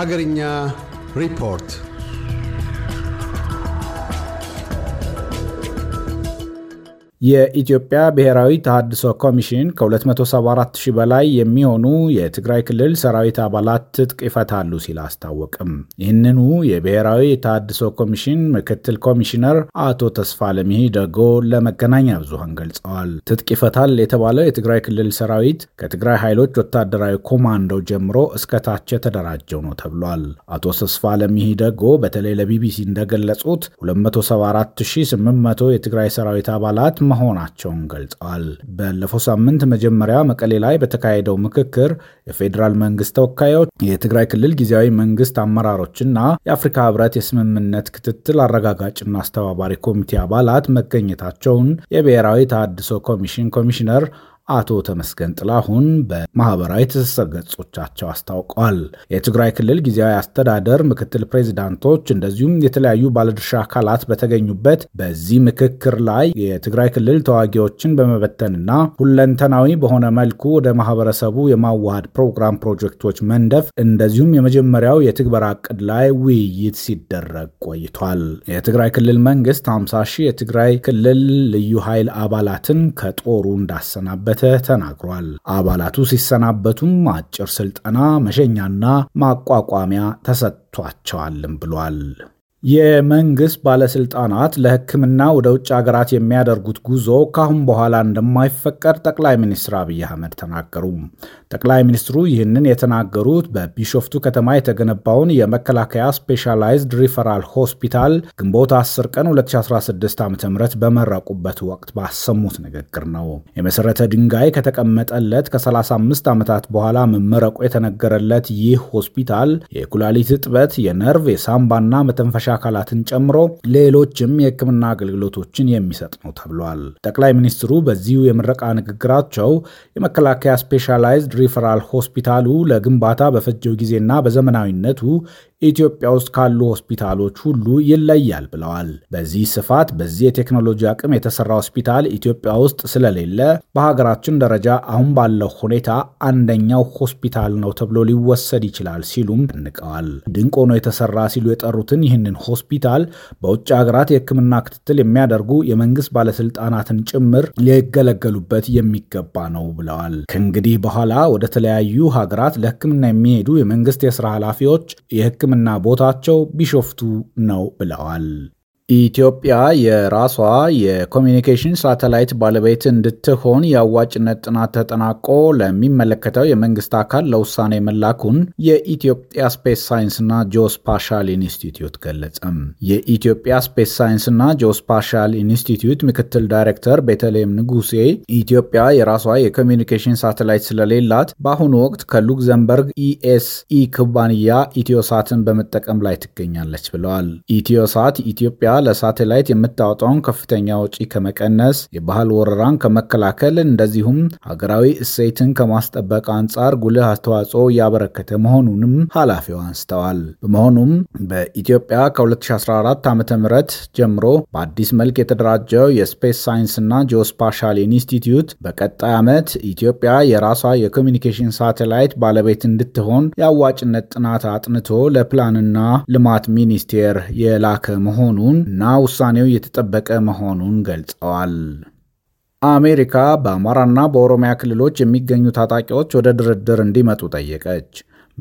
Hagarinya Report የኢትዮጵያ ብሔራዊ ተሃድሶ ኮሚሽን ከ274 ሺህ በላይ የሚሆኑ የትግራይ ክልል ሰራዊት አባላት ትጥቅ ይፈታሉ ሲል አስታወቅም። ይህንኑ የብሔራዊ ተሃድሶ ኮሚሽን ምክትል ኮሚሽነር አቶ ተስፋ ለሚሂ ደጎ ለመገናኛ ብዙሃን ገልጸዋል። ትጥቅ ይፈታል የተባለው የትግራይ ክልል ሰራዊት ከትግራይ ኃይሎች ወታደራዊ ኮማንዶ ጀምሮ እስከ ታች የተደራጀው ነው ተብሏል። አቶ ተስፋ ለሚሂ ደጎ በተለይ ለቢቢሲ እንደገለጹት 274800 የትግራይ ሰራዊት አባላት መሆናቸውን ገልጸዋል። ባለፈው ሳምንት መጀመሪያ መቀሌ ላይ በተካሄደው ምክክር የፌዴራል መንግስት ተወካዮች፣ የትግራይ ክልል ጊዜያዊ መንግስት አመራሮችና የአፍሪካ ህብረት የስምምነት ክትትል አረጋጋጭና አስተባባሪ ኮሚቴ አባላት መገኘታቸውን የብሔራዊ ተሃድሶ ኮሚሽን ኮሚሽነር አቶ ተመስገን ጥላሁን በማህበራዊ ትስስር ገጾቻቸው አስታውቀዋል። የትግራይ ክልል ጊዜያዊ አስተዳደር ምክትል ፕሬዚዳንቶች እንደዚሁም የተለያዩ ባለድርሻ አካላት በተገኙበት በዚህ ምክክር ላይ የትግራይ ክልል ተዋጊዎችን በመበተንና ሁለንተናዊ በሆነ መልኩ ወደ ማህበረሰቡ የማዋሃድ ፕሮግራም ፕሮጀክቶች መንደፍ እንደዚሁም የመጀመሪያው የትግበራ እቅድ ላይ ውይይት ሲደረግ ቆይቷል። የትግራይ ክልል መንግስት 50 ሺህ የትግራይ ክልል ልዩ ኃይል አባላትን ከጦሩ እንዳሰናበት እንዳመተ ተናግሯል። አባላቱ ሲሰናበቱም አጭር ስልጠና መሸኛና ማቋቋሚያ ተሰጥቷቸዋልም ብሏል። የመንግስት ባለስልጣናት ለሕክምና ወደ ውጭ ሀገራት የሚያደርጉት ጉዞ ካሁን በኋላ እንደማይፈቀድ ጠቅላይ ሚኒስትር አብይ አህመድ ተናገሩ። ጠቅላይ ሚኒስትሩ ይህንን የተናገሩት በቢሾፍቱ ከተማ የተገነባውን የመከላከያ ስፔሻላይዝድ ሪፈራል ሆስፒታል ግንቦት 10 ቀን 2016 ዓ ም በመረቁበት ወቅት ባሰሙት ንግግር ነው። የመሠረተ ድንጋይ ከተቀመጠለት ከ35 ዓመታት በኋላ መመረቁ የተነገረለት ይህ ሆስፒታል የኩላሊት እጥበት፣ የነርቭ የሳምባና መተንፈሻ አካላትን ጨምሮ ሌሎችም የሕክምና አገልግሎቶችን የሚሰጥ ነው ተብሏል። ጠቅላይ ሚኒስትሩ በዚሁ የምረቃ ንግግራቸው የመከላከያ ስፔሻላይዝድ ሪፈራል ሆስፒታሉ ለግንባታ በፈጀው ጊዜና በዘመናዊነቱ ኢትዮጵያ ውስጥ ካሉ ሆስፒታሎች ሁሉ ይለያል ብለዋል። በዚህ ስፋት፣ በዚህ የቴክኖሎጂ አቅም የተሰራ ሆስፒታል ኢትዮጵያ ውስጥ ስለሌለ በሀገራችን ደረጃ አሁን ባለው ሁኔታ አንደኛው ሆስፒታል ነው ተብሎ ሊወሰድ ይችላል ሲሉም ንቀዋል። ድንቅ ሆኖ የተሰራ ሲሉ የጠሩትን ይህንን ሆስፒታል በውጭ ሀገራት የሕክምና ክትትል የሚያደርጉ የመንግስት ባለስልጣናትን ጭምር ሊገለገሉበት የሚገባ ነው ብለዋል። ከእንግዲህ በኋላ ወደ ተለያዩ ሀገራት ለሕክምና የሚሄዱ የመንግስት የስራ ኃላፊዎች የህክም የሕክምና ቦታቸው ቢሾፍቱ ነው ብለዋል። ኢትዮጵያ የራሷ የኮሚኒኬሽን ሳተላይት ባለቤት እንድትሆን የአዋጭነት ጥናት ተጠናቆ ለሚመለከተው የመንግስት አካል ለውሳኔ መላኩን የኢትዮጵያ ስፔስ ሳይንስና ጂኦስፓሻል ኢንስቲትዩት ገለጸም። የኢትዮጵያ ስፔስ ሳይንስና ጂኦስፓሻል ኢንስቲትዩት ምክትል ዳይሬክተር ቤተልሔም ንጉሴ ኢትዮጵያ የራሷ የኮሚኒኬሽን ሳተላይት ስለሌላት በአሁኑ ወቅት ከሉክዘምበርግ ኢኤስኢ ኩባንያ ኢትዮሳትን በመጠቀም ላይ ትገኛለች ብለዋል። ኢትዮሳት ኢትዮጵያ ለሳተላይት የምታወጣውን ከፍተኛ ወጪ ከመቀነስ፣ የባህል ወረራን ከመከላከል እንደዚሁም ሀገራዊ እሴትን ከማስጠበቅ አንጻር ጉልህ አስተዋጽኦ እያበረከተ መሆኑንም ኃላፊው አንስተዋል። በመሆኑም በኢትዮጵያ ከ2014 ዓ ም ጀምሮ በአዲስ መልክ የተደራጀው የስፔስ ሳይንስና ጂኦስፓሻል ኢንስቲትዩት በቀጣይ ዓመት ኢትዮጵያ የራሷ የኮሚኒኬሽን ሳተላይት ባለቤት እንድትሆን የአዋጭነት ጥናት አጥንቶ ለፕላንና ልማት ሚኒስቴር የላከ መሆኑን እና ውሳኔው የተጠበቀ መሆኑን ገልጸዋል። አሜሪካ በአማራና በኦሮሚያ ክልሎች የሚገኙ ታጣቂዎች ወደ ድርድር እንዲመጡ ጠየቀች።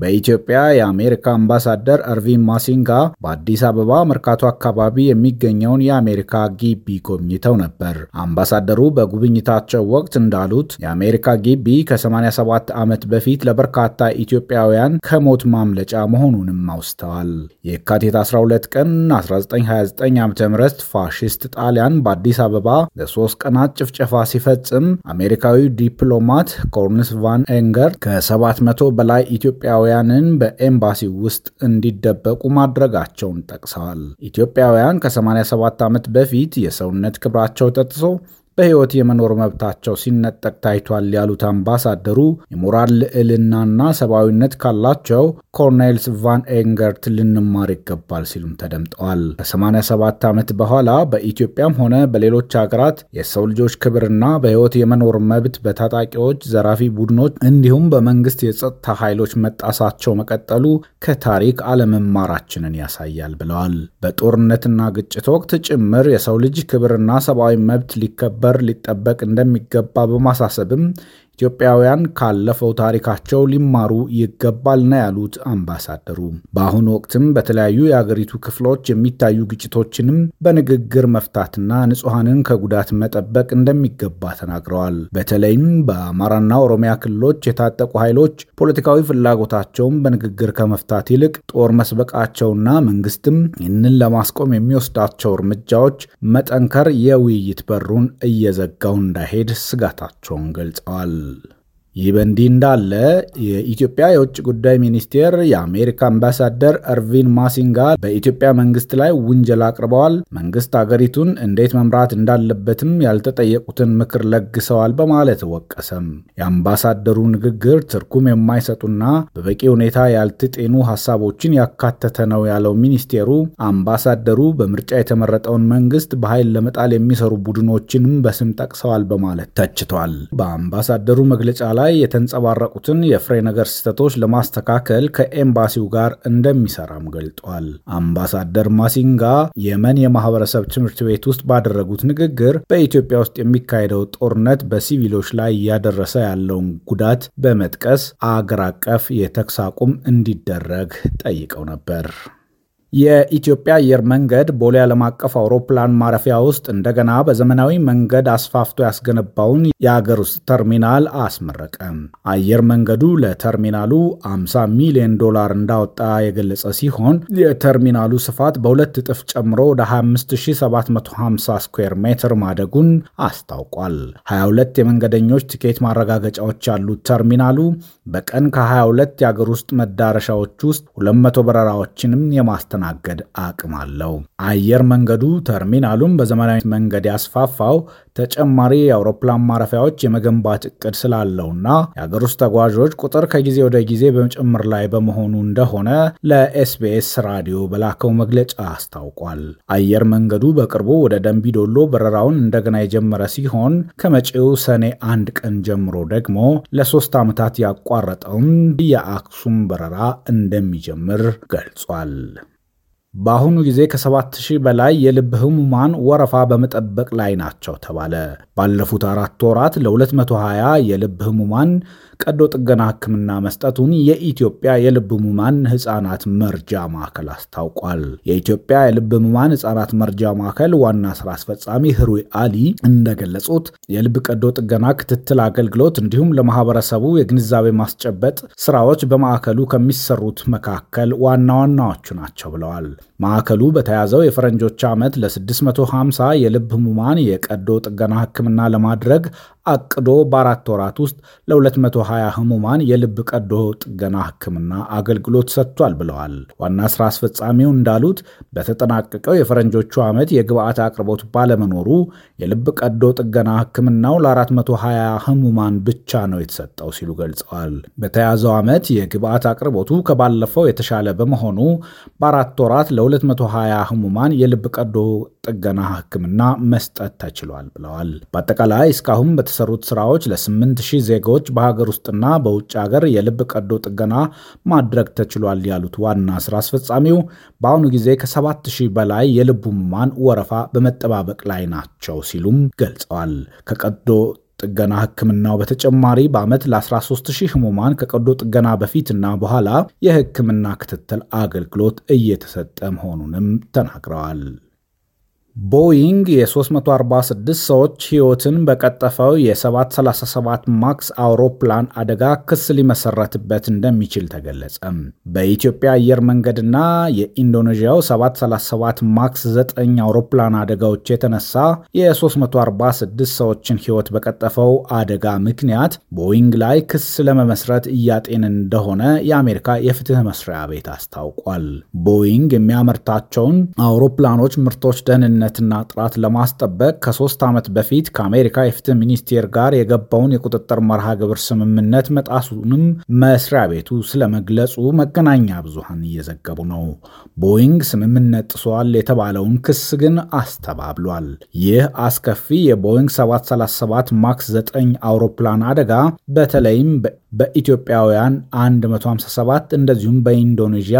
በኢትዮጵያ የአሜሪካ አምባሳደር እርቪን ማሲንጋ በአዲስ አበባ መርካቶ አካባቢ የሚገኘውን የአሜሪካ ግቢ ጎብኝተው ነበር። አምባሳደሩ በጉብኝታቸው ወቅት እንዳሉት የአሜሪካ ግቢ ከ87 ዓመት በፊት ለበርካታ ኢትዮጵያውያን ከሞት ማምለጫ መሆኑንም አውስተዋል። የካቲት 12 ቀን 1929 ዓ.ም ፋሽስት ጣሊያን በአዲስ አበባ ለሶስት ቀናት ጭፍጨፋ ሲፈጽም አሜሪካዊ ዲፕሎማት ኮርንስ ቫን ኤንገር ከ700 በላይ ኢትዮጵያውያን ኢትዮጵያውያንን በኤምባሲው ውስጥ እንዲደበቁ ማድረጋቸውን ጠቅሰዋል። ኢትዮጵያውያን ከ87 ዓመት በፊት የሰውነት ክብራቸው ተጥሶ በሕይወት የመኖር መብታቸው ሲነጠቅ ታይቷል ያሉት አምባሳደሩ የሞራል ልዕልናና ሰብአዊነት ካላቸው ኮርኔልስ ቫን ኤንገርት ልንማር ይገባል ሲሉም ተደምጠዋል። ከ87 ዓመት በኋላ በኢትዮጵያም ሆነ በሌሎች ሀገራት የሰው ልጆች ክብርና በሕይወት የመኖር መብት በታጣቂዎች፣ ዘራፊ ቡድኖች እንዲሁም በመንግስት የጸጥታ ኃይሎች መጣሳቸው መቀጠሉ ከታሪክ አለመማራችንን ያሳያል ብለዋል። በጦርነትና ግጭት ወቅት ጭምር የሰው ልጅ ክብርና ሰብአዊ መብት ሊከበር በር ሊጠበቅ እንደሚገባ በማሳሰብም ኢትዮጵያውያን ካለፈው ታሪካቸው ሊማሩ ይገባል ነው ያሉት አምባሳደሩ። በአሁኑ ወቅትም በተለያዩ የአገሪቱ ክፍሎች የሚታዩ ግጭቶችንም በንግግር መፍታትና ንጹሐንን ከጉዳት መጠበቅ እንደሚገባ ተናግረዋል። በተለይም በአማራና ኦሮሚያ ክልሎች የታጠቁ ኃይሎች ፖለቲካዊ ፍላጎታቸውን በንግግር ከመፍታት ይልቅ ጦር መስበቃቸውና መንግስትም ይህንን ለማስቆም የሚወስዳቸው እርምጃዎች መጠንከር የውይይት በሩን እየዘጋው እንዳይሄድ ስጋታቸውን ገልጸዋል። الأول ይህ በእንዲህ እንዳለ የኢትዮጵያ የውጭ ጉዳይ ሚኒስቴር የአሜሪካ አምባሳደር እርቪን ማሲንጋ በኢትዮጵያ መንግስት ላይ ውንጀላ አቅርበዋል። መንግስት አገሪቱን እንዴት መምራት እንዳለበትም ያልተጠየቁትን ምክር ለግሰዋል በማለት ወቀሰም። የአምባሳደሩ ንግግር ትርጉም የማይሰጡና በበቂ ሁኔታ ያልተጤኑ ሀሳቦችን ያካተተ ነው ያለው ሚኒስቴሩ አምባሳደሩ በምርጫ የተመረጠውን መንግስት በኃይል ለመጣል የሚሰሩ ቡድኖችንም በስም ጠቅሰዋል በማለት ተችቷል። በአምባሳደሩ መግለጫ ላይ የተንጸባረቁትን የፍሬ ነገር ስህተቶች ለማስተካከል ከኤምባሲው ጋር እንደሚሰራም ገልጧል። አምባሳደር ማሲንጋ የመን የማህበረሰብ ትምህርት ቤት ውስጥ ባደረጉት ንግግር በኢትዮጵያ ውስጥ የሚካሄደው ጦርነት በሲቪሎች ላይ እያደረሰ ያለውን ጉዳት በመጥቀስ አገር አቀፍ የተኩስ አቁም እንዲደረግ ጠይቀው ነበር። የኢትዮጵያ አየር መንገድ ቦሌ ዓለም አቀፍ አውሮፕላን ማረፊያ ውስጥ እንደገና በዘመናዊ መንገድ አስፋፍቶ ያስገነባውን የአገር ውስጥ ተርሚናል አስመረቀ። አየር መንገዱ ለተርሚናሉ 50 ሚሊዮን ዶላር እንዳወጣ የገለጸ ሲሆን የተርሚናሉ ስፋት በሁለት እጥፍ ጨምሮ ወደ 25750 ስኩዌር ሜትር ማደጉን አስታውቋል። 22 የመንገደኞች ትኬት ማረጋገጫዎች ያሉት ተርሚናሉ በቀን ከ22 የአገር ውስጥ መዳረሻዎች ውስጥ 200 በረራዎችንም የማስተ የማስተናገድ አቅም አለው። አየር መንገዱ ተርሚናሉን በዘመናዊ መንገድ ያስፋፋው ተጨማሪ የአውሮፕላን ማረፊያዎች የመገንባት እቅድ ስላለውና የአገር ውስጥ ተጓዦች ቁጥር ከጊዜ ወደ ጊዜ በጭምር ላይ በመሆኑ እንደሆነ ለኤስቢኤስ ራዲዮ በላከው መግለጫ አስታውቋል። አየር መንገዱ በቅርቡ ወደ ደንቢዶሎ በረራውን እንደገና የጀመረ ሲሆን ከመጪው ሰኔ አንድ ቀን ጀምሮ ደግሞ ለሶስት ዓመታት ያቋረጠውን የአክሱም በረራ እንደሚጀምር ገልጿል። በአሁኑ ጊዜ ከ7000 በላይ የልብ ህሙማን ወረፋ በመጠበቅ ላይ ናቸው ተባለ። ባለፉት አራት ወራት ለ220 የልብ ህሙማን ቀዶ ጥገና ህክምና መስጠቱን የኢትዮጵያ የልብ ህሙማን ህጻናት መርጃ ማዕከል አስታውቋል። የኢትዮጵያ የልብ ህሙማን ህጻናት መርጃ ማዕከል ዋና ስራ አስፈጻሚ ህሩይ አሊ እንደገለጹት የልብ ቀዶ ጥገና ክትትል አገልግሎት እንዲሁም ለማህበረሰቡ የግንዛቤ ማስጨበጥ ስራዎች በማዕከሉ ከሚሰሩት መካከል ዋና ዋናዎቹ ናቸው ብለዋል። ማዕከሉ በተያዘው የፈረንጆች ዓመት ለ650 የልብ ህሙማን የቀዶ ጥገና ህክምና ለማድረግ አቅዶ በአራት ወራት ውስጥ ለ220 ህሙማን የልብ ቀዶ ጥገና ህክምና አገልግሎት ሰጥቷል ብለዋል። ዋና ስራ አስፈጻሚው እንዳሉት በተጠናቀቀው የፈረንጆቹ ዓመት የግብአት አቅርቦት ባለመኖሩ የልብ ቀዶ ጥገና ህክምናው ለ420 ህሙማን ብቻ ነው የተሰጠው ሲሉ ገልጸዋል። በተያዘው ዓመት የግብአት አቅርቦቱ ከባለፈው የተሻለ በመሆኑ በአራት ወራት ለ220 ህሙማን የልብ ቀዶ ጥገና ሕክምና መስጠት ተችሏል ብለዋል። በአጠቃላይ እስካሁን በተሰሩት ስራዎች ለ ሺህ ዜጎች በሀገር ውስጥና በውጭ ሀገር የልብ ቀዶ ጥገና ማድረግ ተችሏል ያሉት ዋና ስራ አስፈጻሚው በአሁኑ ጊዜ ከ7000 በላይ የልብ ሕሙማን ወረፋ በመጠባበቅ ላይ ናቸው ሲሉም ገልጸዋል። ከቀዶ ጥገና ህክምናው በተጨማሪ በዓመት ለ13 ሺህ ህሙማን ከቀዶ ጥገና በፊትና በኋላ የህክምና ክትትል አገልግሎት እየተሰጠ መሆኑንም ተናግረዋል። ቦይንግ የ346 ሰዎች ሕይወትን በቀጠፈው የ737 ማክስ አውሮፕላን አደጋ ክስ ሊመሰረትበት እንደሚችል ተገለጸ። በኢትዮጵያ አየር መንገድና የኢንዶኔዥያው 737 ማክስ 9 አውሮፕላን አደጋዎች የተነሳ የ346 ሰዎችን ሕይወት በቀጠፈው አደጋ ምክንያት ቦይንግ ላይ ክስ ለመመስረት እያጤን እንደሆነ የአሜሪካ የፍትህ መስሪያ ቤት አስታውቋል። ቦይንግ የሚያመርታቸውን አውሮፕላኖች ምርቶች ደህንነት ደህንነትና ጥራት ለማስጠበቅ ከሶስት ዓመት በፊት ከአሜሪካ የፍትህ ሚኒስቴር ጋር የገባውን የቁጥጥር መርሃ ግብር ስምምነት መጣሱንም መስሪያ ቤቱ ስለመግለጹ መገናኛ ብዙሃን እየዘገቡ ነው። ቦይንግ ስምምነት ጥሷል የተባለውን ክስ ግን አስተባብሏል። ይህ አስከፊ የቦይንግ 737 ማክስ 9 አውሮፕላን አደጋ በተለይም በኢትዮጵያውያን 157 እንደዚሁም በኢንዶኔዥያ